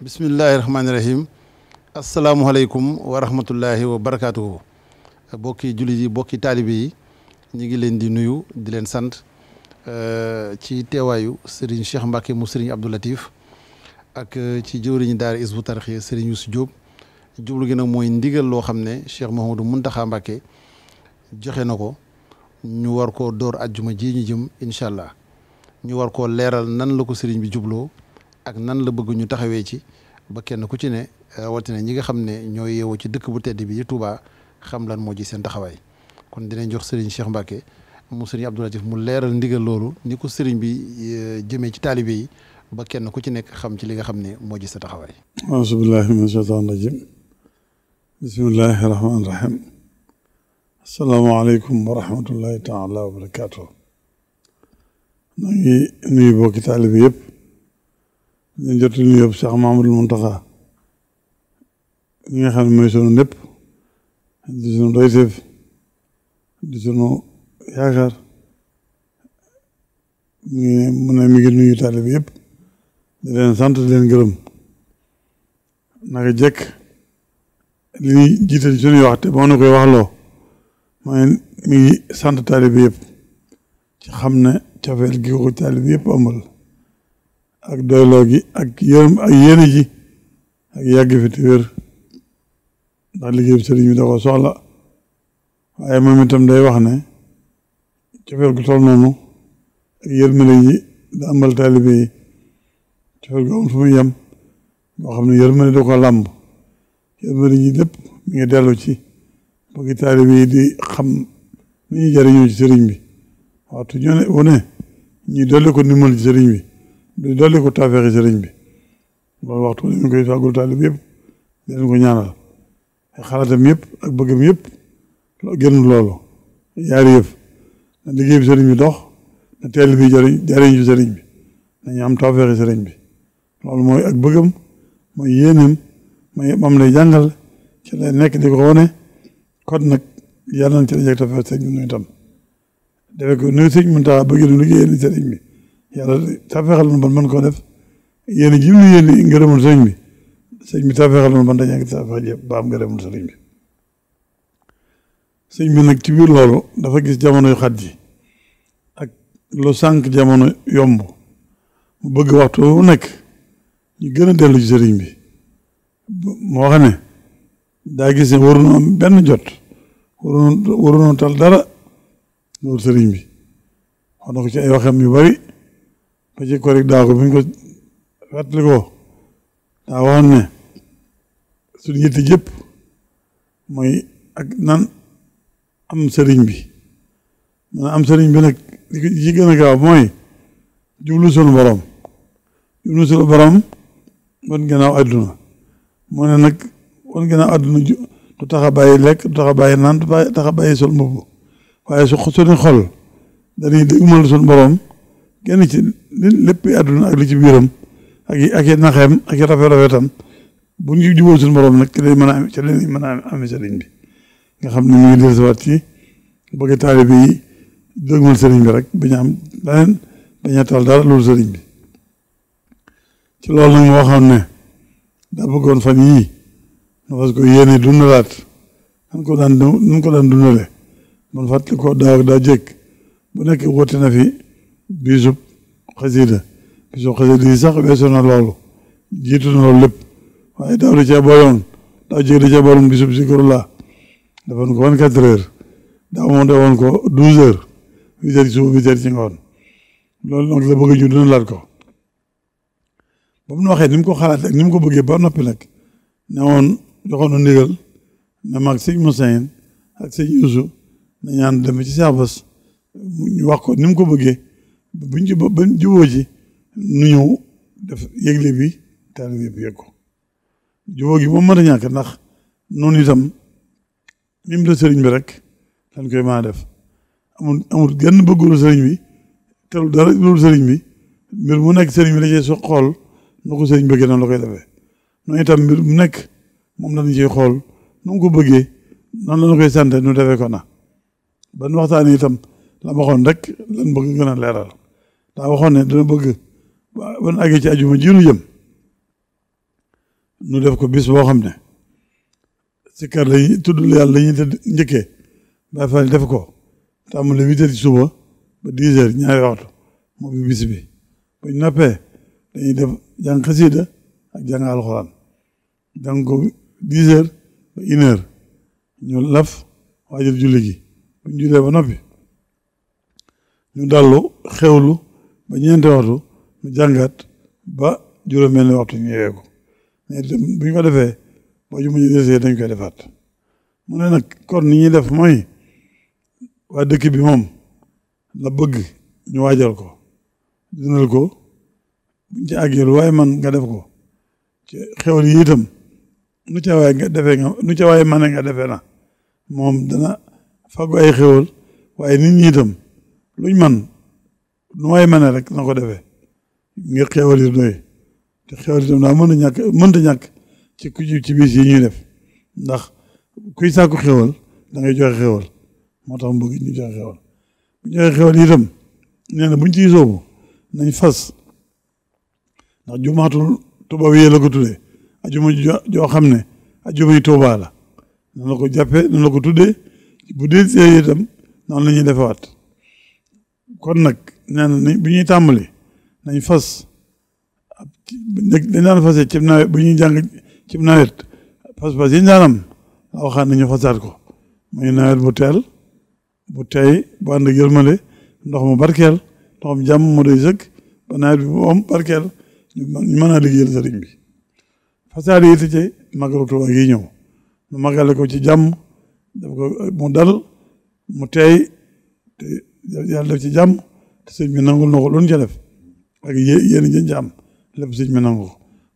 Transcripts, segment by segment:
bismillahi rahmaani rahim asalaamualeykum wa rahmatullahi wa barakaatuhu bokki jullit yi bokki taalibe yi ñu ngi leen di nuyu di leen sant euh, ci teewaayu Serigne Cheikh Mbacke mu Serigne Abdou Latif ak euh, ci jëwriñu daara Hizbut Tarqiyyah Serigne si Diop jublu gi nag mooy ndigal loo xam ne Cheikh Mouhamadou Mountakha Mbacke joxe na ko ñu war ko door ajjuma ji ñu jëm incha allah ñu war ko leeral nan la ko Serigne bi jubloo ak nan la bëgg ñu taxawee ci ba kenn ku ci ne rawatina ñi nga xam ne ñoo yeewoo ci dëkk bu tedd bi di Touba xam lan moo ji seen taxawaay kon dinañ jox sëriñ Cheikh Mbacke mu Serigne Abdou Latif mu leeral ndigal loolu ni ko sëriñ bi eh, jëmee ci taalibe yi ba kenn ku ci nekk xam ci li nga xam ne moo ji sa taxawaay. auzu billaahi mina shaytaani rajiim bokki taalibe yëpp. ñu jot ñu yóbbu Cheikh Mamadou Mountakha ñi nga xam ne mooy sunu lépp di sunu doyteef di sunu yaakaar mu ne mi ngi nuyu taalibe yëpp di leen sant di leen gërëm naka jekk li ñuy jiital suñuy wax te moo na koy waxloo mooy mi ngi sant taalibe yëpp ci xam ne cofeel gi ko taalibe yëpp amal ak doyloo gi ak yërëm ak yéene ji ak yàgg fi te wér ndax liggéey bi sëriñ bi da ko soxla waaye moom itam day wax ne cofeel gu tol noonu ak yërmande ji da amal taalibe yi cofeel gu am fu muy yem boo xam ne yërmande da ko làmb yërmande ji lépp mi ngi dello ci bëgg taalibe yi di xam ni ñu jariñoo ci sëriñ bi waxtu ñu ne wu dolli ko ndimbal ci sëriñ bi dolli ko tawfeexi sëriñ bi loolu waxtu li yëpp di leen xalaatam yëpp ak bëggam yëpp génn loolu yaari yëf na liggéey bi sëriñ bi dox na teel bi jëriñ jëriñ sëriñ bi nañu am tawfeexi sëriñ bi loolu mooy ak bëggam mooy yéenam mooy moom lay jàngal ci lay nekk di ko wane kon nag yàlla ci la jeg tawfeex sëriñ bi nuy tam defe ko nuy sëñ mën taxa bëgg nu liggéeyal sëriñ bi yàlla tafeexal na ban mën koo def yéen a ji mu yéen ngërëmul sëriñ bi sëriñ bi tafeexal na ban dañu ak tafeex yëpp ba am ngërëmul sëriñ bi sëriñ bi nag ci biir loolu dafa gis jamono yu xat lu sànq jamono yomb mu bëgg waxtu nekk ñu gën a dellu sëriñ bi moo xam ne daa gis ne benn jot waruñu tal dara loolu sëriñ bi wax na ay waxam yu bari ba ci korig daaw bi ñu ko fàttali ko daa waxoon ne suñu yitte yëpp mooy ak nan am sëriñ bi man am sëriñ bi nag li ci gën a gaaw mooy jublu sunu borom jublu sunu borom wan gannaaw àdduna moo ne nag wan gannaaw àdduna du tax a bàyyi lekk du tax a bàyyi naan du tax a sol mbubb waaye su sunu xol dañuy dégmal sunu borom genn ci lépp àdduna ak li ci biiram ak i ak i naxeem ak i rafet rafetam bu ñu jubóo suñu borom nag ci lay ma a am sëriñ bi nga xam ne ñu ngi dellusiwaat ci bëgg taalibe yi dëgmal bi rek bañ am leneen bañ a tal dara loolu loolu nag moo xam ne daa bëggoon fan yii parce que yéene dundalaat nan ko daan ko daan dundale man fàttali ko daaw daa jëkk bu nekk woote na fi bisub xasida bisub xasida yi sax weesu na loolu jiitu na loolu lépp waaye daaw da cee boloon daaw jéeg da cee boloon bisub zikrullah defoon ko vingt quatre heures daaw moom defoon ko douze heures huit heures ci suba huit ngoon loolu nag la bëgg a ñu dina laat ko ba mu waxee ni ko xalaat ak ni ko bëggee ba noppi nag ne woon joxoon na ndigal ne mag sëñ ak sëñ Yuusu na ñaan dem ci saabas ñu wax ko ni ko bëggee buñ ci bañ juboo ci nu ñëw def yëgle bi taalibe yëpp yëg ko juboo gi moom mën a ndax noon itam nim la sëriñ bi rek lañ koy maa def amul amul genn bëgg sëriñ bi terul dara loolu sëriñ bi mbir mu nekk sëriñ bi la cee so xool nu ko sëriñ bëggee noonu la koy defee noonu itam mbir mu nekk moom lañ ciy xool nu ko bëggee noonu la koy sante nu defee ko na ban waxtaan tam la waxoon rek lan bëgg gën a leeral daa waxoon ne dana bëgg ban àggee ci ajuma ji nu jëm nu def ko bis boo xam ne sikkar lañuy tudd yàlla lañuy tëdd njëkkee bàyyi fa def ko tàmbali huit heures ci suba ba dix heures ñaari waxtu moo bi bis bi buñ nappee dañuy def jàng xasiida ak jàng alxuraan jàng ko dix heures ba une ñu laf waajal julli gi buñ jullee ba noppi ñu dallu xewlu ba ñeenti waxtu mu jàngat ba juróom-benn waxtu ñu yeewee ko mais bu ñu ko defee boo ju muñu desee dañ koy defaat mu ne nag kon ni ñuy def mooy waa dëkk bi moom la bëgg ñu waajal ko dundal ko buñ ci àggee waaye man nga def ko ci xewal yi itam nu ca waaye nga defee ca waaye mane nga defee na moom dana fàggu ay xewal waaye nit ñi itam luñ man nu may mane rek na ko defee ngir xewal yi doy te xewal itam daa mën a ñàkk mënta ñàkk ci ku ci bis yi ñuy def ndax kuy saaku xewal da ngay joxe xewal moo tax mu bëgg ñu joxe xewal bu joxe xewal itam nee na buñ ciy soobu nañ fas ndax jumaatul tubaab yi la ko tuddee ajuma joo xam ne ajuma yi tuubaa la na la ko jàppee noonu la ko tuddee bu dee itam noonu la ñuy defewaat kon nag nee na bu ñuy tàmbali nañ fas bu ñuy jàng cib nawet fas-fas yi ñu daan am waxaan nañu fasaat ko muy nawet bu teel bu tey bu ànd ak yërmande ndox mu barkeel ndox mu jàmm mu doy sëkk ba nawet bi bu am barkeel ñu mën a liggéeyal sëriñ bi fasaat yi ci magalu Tuuba gi ñëw ñu magale ko ci jàmm mu dal mu tey te yàlla def ci jàmm te sëñ bi nangul na ko lu ñu ca def ak yéen a jën ca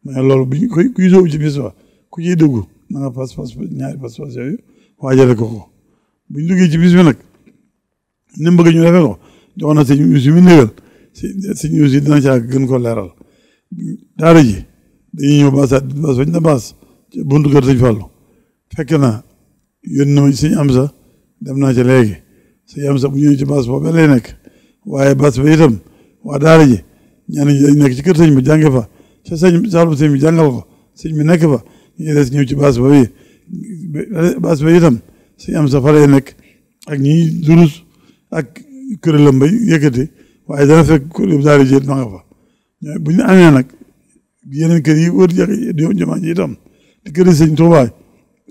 mais loolu bu ñu ci bis ba ku ciy dugg na nga fas fas ñaari fas yooyu waajale ko ko bu ñu ci bis bi nag ni mu ñu defee ko jox na sëñ Yuusu mi dina gën ko leeral daara ji dañuy ñëw baasaat baas fañ na baas na yónni na ma ci Amsa dem naa ca léegi sëñ Amsa bu ñëwee ci baas boobu lay waaye bas bi waa daara ji ñenn ñi nekk ci kër sëñ bi jànge fa ca sëñ saalum sëñ bi jàngal nekk fa ñu des ñëw ci bas ba yi bas ba am sa faree nekk ak ñiy durus ak kuréelam ba yëkkati waaye dana fekk kuréel daara ji ma nga fa bu ñu amee nag yeneen kër yi wër jumaa ji itam di kër yi sëñ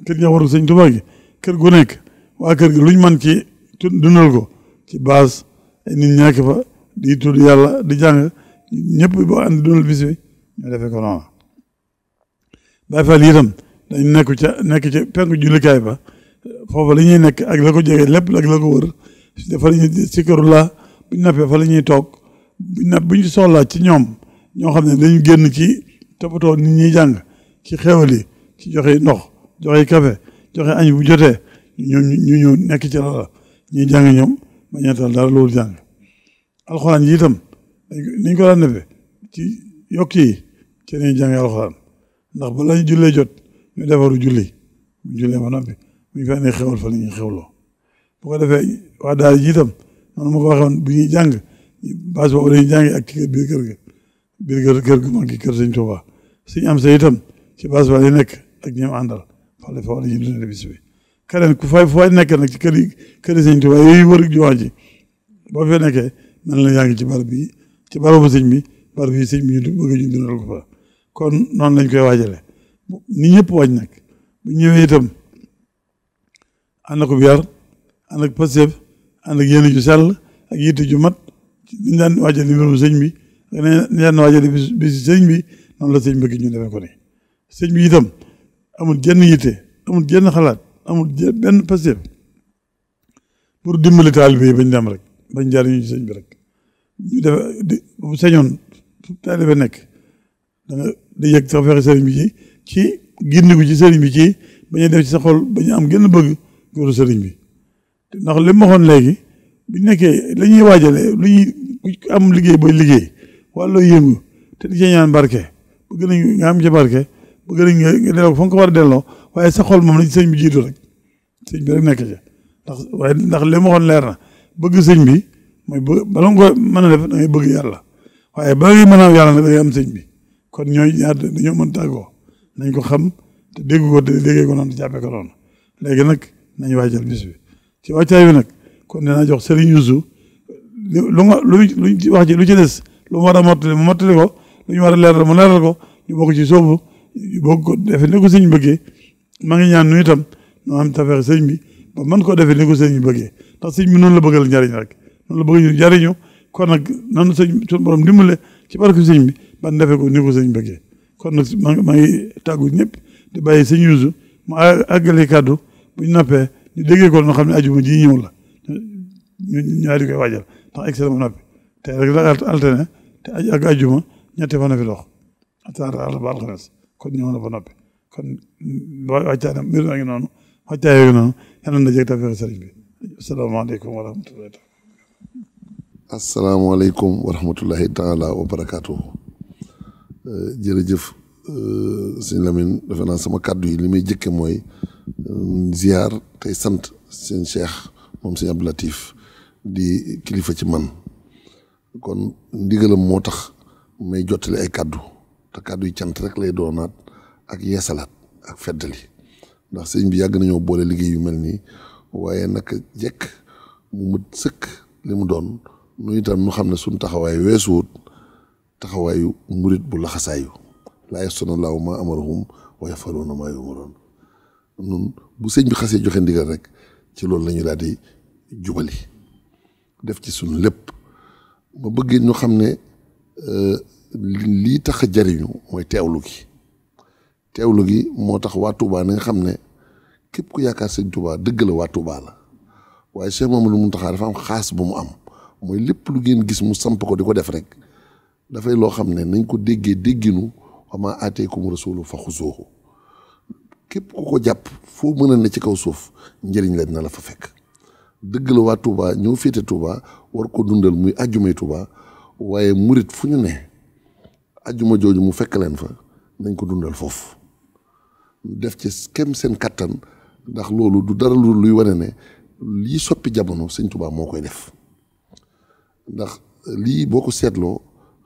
kër ña waru sëñ Tuubaa kër gu nekk waa kër gi luñ man ci dundal ko ci base nit ñàkk fa di tudd yàlla di jàng ñëpp boo ànd doonal bis bi ñu defee noonu Baay Faal itam dañ nekk ca nekk ca penku jullikaay ba foofa la ñuy nekk ak la ko jege lépp ak la ko wër dafa la ñuy sikkaru bu nappee fa la ñuy toog buñ napp bu ñu soxlaa ci ñoom ñoo xam ne dañu génn ci toppatoo nit ñuy jàng ci xéwal yi ci joxe ndox joxe café joxe añ bu jotee ñu ñu ñu nekk ci loola ñuy jàng ñoom ma ñaatal dara loolu jàng alxuraan ji itam niñ ko daan defee ci yokk yi ci nañu jàng alxuraan ndax bala ñu jot ñu defaru julli ñu jullee ba noppi buñ fa ne xewal fa la ñuy xewloo bu ko defee waa daal ji itam man ma ko waxoon bu ñuy jàng base boobu dañuy jàng ak ci biir kër ga biir kër kër gi man ki kër sëñ Tuuba suñu ci base ba lay nekk ak ñoom àndal fa fa war a ñu dundee bis bi keneen ku fay fay nekkee nag ci kër yi kër yi sëñ Tuubaa yooyu wër jumaa ji boo fee nekkee mel na yaa ngi ci barab bi ci barabu sëñ bi barab yi sëñ bi ñu bëgg ko noonu lañ koy waajale ni ñëpp waaj nag bu ñëwee itam ànd ak yar ànd ànd ak yéene ju ju mat ñu daan waajal di mbirum bi ñu daan waajal bi si la sëñ bëgg ñu defee ko ni sëñ bi itam amul jenn yitte amul jenn xalaat amul jé benn pastéef pour dimbali taalibe yi bañ dem rek bañ jariñu ci sëñ rek ñu def bu sañoon taalibe nekk da nga di yëg sax fexe sëriñ bi ci ci gindigu ci sëriñ bi ci bañ a def ci am gën bëgg góoru sëriñ bi ndax li ma waxoon léegi bu nekkee la ñuy waajale am liggéey booy liggéey wàllu yëngu te di ca ñaan barke bëgg nañ nga am ca barke bëgg nañ ko war a delloo waaye sa xol moom la sëñ bi jiitu rek sëñ bi rek nekk ci ndax waaye ndax li ma leer na bëgg sëñ bi mooy bëgg bala nga ko mën a def da ngay bëgg yàlla waaye bala ngay mën a am yàlla nag am sëñ bi kon ñooy ñaar dañoo mën tàggoo nañ ko xam te dégg ko te déggee ko noonu te jàppee ko noonu léegi nag nañ waajal bis bi ci wàccaay bi nag kon dinaa jox sëriñ Yuusu lu nga lu luñ wax lu ci des lu mu war a mottali mu mottali ko lu ñu war a leeral mu leeral ko ñu bokk ci soobu bokk ko defe ne ko sëñ bëggee maa ngi ñaan nu itam noo am tafeex sëñ bi ba man koo defee ni ko sëñ bi bëggee ndax sëñ bi noonu la bëggal njariñ rek noonu la bëgg ñu jariñu kon nag nanu sëñ suñu borom dimbale ci barke sëñ bi ban defee ko ni ko sëñ bëggee kon nag maa ngi maa ngi tàggu ñëpp di bàyyi sëñ Yuusu mu àggale kàddu bu ñu nappee ñu déggee ko noo xam ne ajuma ji ñëw la ñu ñaari koy waajal ndax excellent mu noppi te rek la alterné te ak ajuma ñetti fan a fi dox ataar alxames kon ñëw na ba noppi kon wàccaanam mbir maa ngi noonu wàccaa yooyu noonu yal na jëg tafeex sëriñ bi asalaamaaleykum wa rahmatullahi taala asalaamaaleykum wa rahmatullahi taala wa barakaatuhu euh, jërëjëf euh, sëñ naa sama kàddu yi li muy jëkke mooy euh, ziar tey sant sëñ Cheikh moom sëñ Abdou Latif di kilifa ci man kon ndigalam moo tax may jottali ay kàddu te kàddu yi cant rek lay doonaat ak yeesalaat ak feddali ndax sëñ bi yàgg nañoo boole liggéey yu mel nii waaye naka jekk mu mët sëkk li mu doon nu itam nu xam ne suñ taxawaay weesuwut taxawaayu murit bu laxasaayu laa yasonalaahu ma amarahum wa yafaluuna maa yumaroon nun bu sëñ bi xasee joxe ndigal rek ci loolu lañu daa di jubali def ci suñ lépp ma bëggee ñu xam ne euh, lii tax a jariñu mooy teewlu gi teewlu gi moo tax waa Touba na nga xam ne képp ku yaakaar sëñ Touba dëgg la waa Touba la waaye Cheikh Mamadou Mountakha dafa am xaas bu mu am mooy lépp lu ngeen gis mu samp ko di ko def rek dafay loo xam ne nañ ko déggee dégginu wama aataykum rasulu fa xuzuuhu képp ku ko jàpp foo mën a ne ci kaw suuf njëriñ la na la fa fekk dëgg la waa Touba ñëw féete Touba war ko dundal muy àjjumay Touba waaye murit fu ñu ne àjjuma jooju mu fekk leen fa nañ ko dundal foofu def ci kem seen kattan ndax loolu du dara lu luy wane ne lii soppi jamono sëñ Tuubaa moo koy def ndax lii boo ko seetloo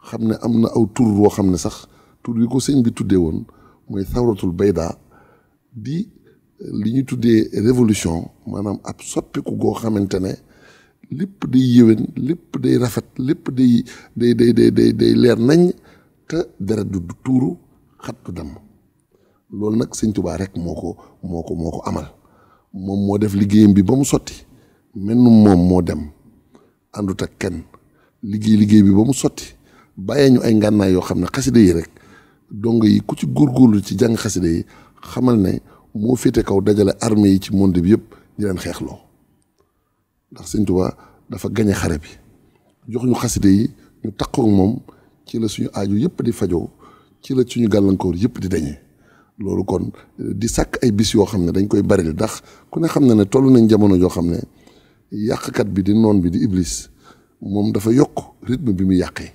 xam ne am na aw tur woo xam ne sax tur yi ko sëñ bi tuddee woon mooy sawratul bayda di li ñu tuddee révolution maanaam ab soppiku goo xamante ne lépp day yéwén lépp day rafet lépp day day day day leer nañ te deret du tuuru xat du damm loolu nag sëñ Tuubaa rek moo ko moo ko moo ko amal moom moo def liggéeyam bi ba mu sotti mel nu moom moo dem àndut ak kenn liggéey liggéey bi ba mu sotti bàyyee ñu ay ngànnaay yoo xam ne xasida yi rek dong yi ku ci góorgóorlu ci jàng xasida yi xamal ne moo féete kaw dajale armée yi ci monde bi yëpp di leen xeexloo ndax sëñ Tuubaa dafa gañe xare bi jox ñu xasida yi ñu takkook moom ci la suñu aaju yëpp di fajoo ci la suñu gàllankoor yëpp di dañee loolu kon di sàkk ay bis yoo xam ne dañ koy baril ndax ku ne xam ne ne toll nañ jamono joo xam ne yàqkat bi di noon bi di iblis moom dafa yokk rythme bi mu yàqee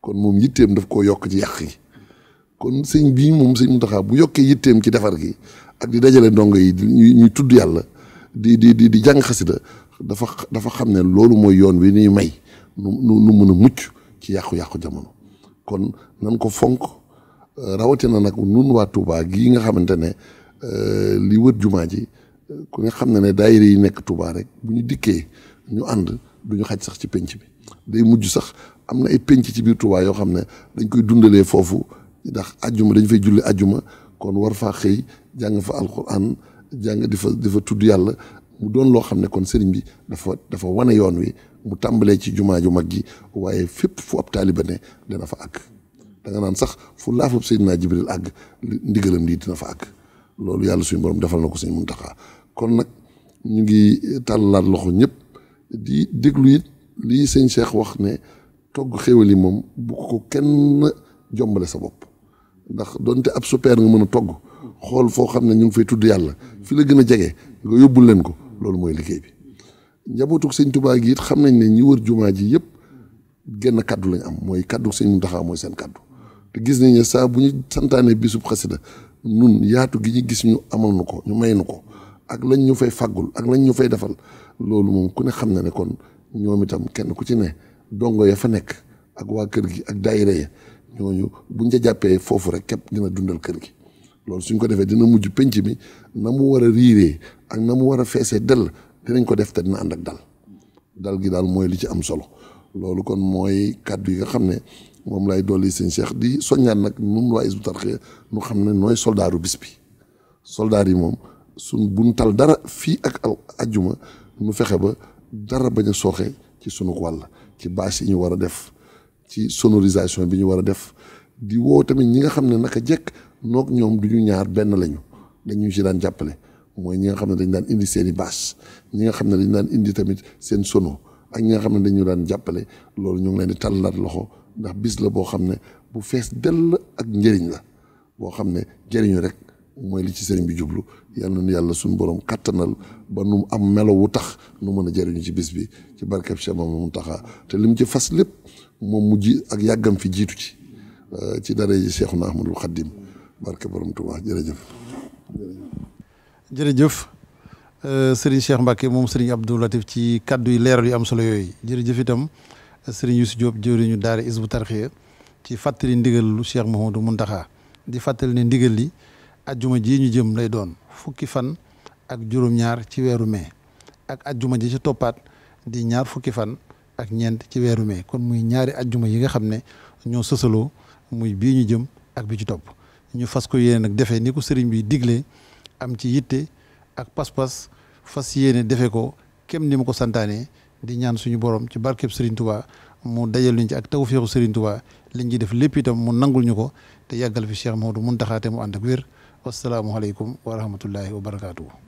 kon moom yitteem daf koo yokk ci yàq yi kon sëñ bii moom sëñ Muntaxa bu yokkee yitteem ci defar gi ak di dajale dongo yi ñuy tudd yàlla di di di di jàng xasida dafa dafa xam ne loolu mooy yoon wi ñuy may nu nu mën a mucc ci yàqu-yàqu jamono kon nan ko fonk rawatina nag nun waa Touba gii nga xamante ne euh, li wër jumaa ji ku nga xam ne ne daayira yi nekk Touba rek bu ñu dikkee ñu ànd du ñu xaj sax ci penc bi day mujj sax am na ay penc ci biir Touba yoo xam ne dañ koy dundalee foofu ndax ajjuma dañ fay julli ajjuma kon war faa xëy jàng fa alquran jàng di fa di fa tudd yàlla mu doon loo xam ne kon sëriñ bi dafa dafa wane yoon wi mu tàmbalee ci jumaa ju mag ji waaye fépp fu ab taaliba ne dana fa àgg danga naan sax fu laafab Seydina Jibril àgg ndigalam lii dina fa àgg loolu yàlla suñ borom defal na ko Sëñ Muntaxa kon nag ñu ngi tàllalaat loxo ñëpp di déglu it lii sëñ Cheikh wax ne togg xéwal yi moom bu ko kenn jombale sa bopp ndax donte ab super nga mën a togg xool foo xam ne ñu ngi fay tudd yàlla fi la gën a jege nga yóbbul leen ko loolu mooy liggéey bi njabootug sëñ Tuubaa gi it xam nañ ne ñi wër jumaa ji yëpp genn kàddu lañ am mooy kàddu sëñ Muntaxa mooy seen kàddu gis nañ ne saa bu ñu santaane bisub xasida nun yaatu gi ñu gis ñu amal nu ko ñu may nu ko ak lañ ñu fay fàggul ak lañ ñu fay defal loolu moom ku ne xam na ne kon ñoom itam kenn ku ci ne dongo ya fa nekk ak waa kër gi ak daayira ya ñooñu buñ ca jàppee foofu rek képp dina dundal kër gi loolu suñ ko defee dina mujj penc mi na mu war a riiree ak na mu war a feesee dell dinañ ko def te dina ànd ak dal dal gi daal mooy li ci am solo loolu kon mooy kàddu yi xam ne moom lay dolli sëñ Cheikh di soññaan nag moom waa Hizbut Tarqiyyah nu xam ne nooy soldaaru bis bi soldaar yi moom suñ buñ tal dara fii ak al ajjuma nu fexe ba dara bañ a sooxe ci sunu wàll ci bâche yi ñu war a def ci sonorisation bi ñu war a def di woo tamit ñi nga xam ne naka jekk noog ñoom du ñu ñaar benn lañu dañu ci daan jàppale mooy ñi nga xam ne dañ daan indi seen i bâche ñi nga xam ne dañ daan indi tamit seen sono ak ñi nga xam ne dañu daan jàppale loolu ñu ngi leen di tàllaat loxo ndax bis la boo xam ne bu fees dell ak njëriñ la boo xam ne njëriñu rek mooy li ci sëriñ bi jublu yal nu yàlla suñu borom kàttanal ba nu am melo wu tax nu mën a jëriñu ci bis bi ci barkeb Cheikh Mamadou Mountakha te lim ci fas lépp moom mu ji ak yàggam fi jiitu ci euh, ci dara ji Cheikhuna Ahmadul Xaddim barke borom Tuubaa jërëjëf. jërëjëf euh, sëriñ Cheikh Mbacke moom sëriñ Abdou ci kàddu yi leeral yu am solo yooyu jërëjëf itam. sëriñ Youssou Diop jëwriñu daara Hizbut Tarqiyyah ci fàttali ndigal lu Cheikh Mouhamadou Mountakha di fàttali ne ndigal li ajjuma ji ñu jëm lay doon fukki fan ak juróom-ñaar ci weeru mai ak ajjuma ji ci toppaat di ñaar fukki fan ak ñeent ci weeru mai kon muy ñaari ajjuma yi nga xam ne ñoo sësaloo muy bii ñu jëm ak bi ci topp ñu fas ko yéene nag defee ni ko sëriñ bi diglee am ci yitte ak pas-pas fas yéene defee ko kem ni ma ko santaane di ñaan suñu borom ci barkeb Serigne Touba mu dajal ñu ci ak tawféexu Serigne Touba liñ ci def lépp itam mu nangul ñu ko te yàggal fi Cheikh Maodo mun taxaate mu ànd ak wér wasalaamualeykum wa rahmatullahi wa barakaatu.